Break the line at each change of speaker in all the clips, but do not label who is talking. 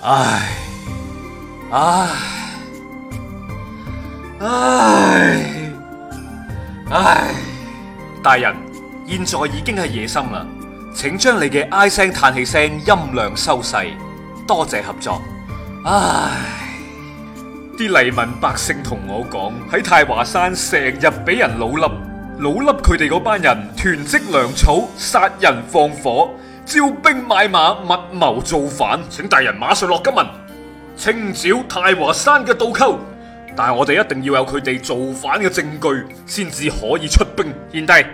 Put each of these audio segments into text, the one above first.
唉唉唉唉！大人，現在已經係夜深啦，請將你嘅唉聲嘆氣聲音量收細，多謝合作。唉，啲黎民百姓同我講喺太華山成日俾人擄笠，老笠佢哋嗰班人囤積糧草、殺人放火。招兵買馬，密謀造反，請大人馬上落金文，清剿太華山嘅盜寇。但係我哋一定要有佢哋造反嘅證據，先至可以出兵。賢弟，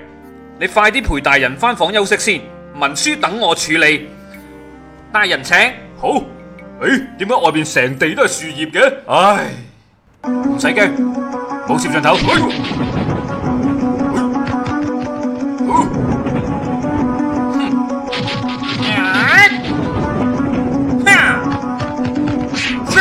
你快啲陪大人返房休息先，文書等我處理。大人請。好。誒，點解外邊成地都係樹葉嘅？唉，唔使驚，冇攝像頭。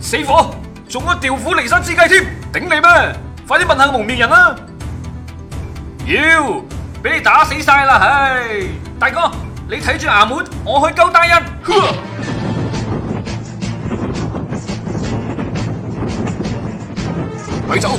死火，仲會調虎離山之計添，頂你咩？快啲問下蒙面人啦！妖，俾你打死晒啦！唉，大哥，你睇住衙門，我去救大人。快走！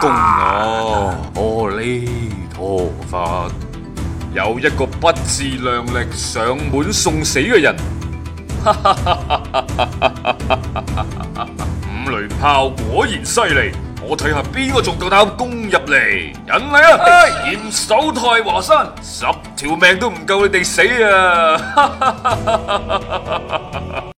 攻我！阿彌陀佛，有一個不自量力上門送死嘅人。五雷炮果然犀利，我睇下邊個仲夠膽攻入嚟！引嚟啊！嚴守太華山，十條命都唔夠你哋死啊！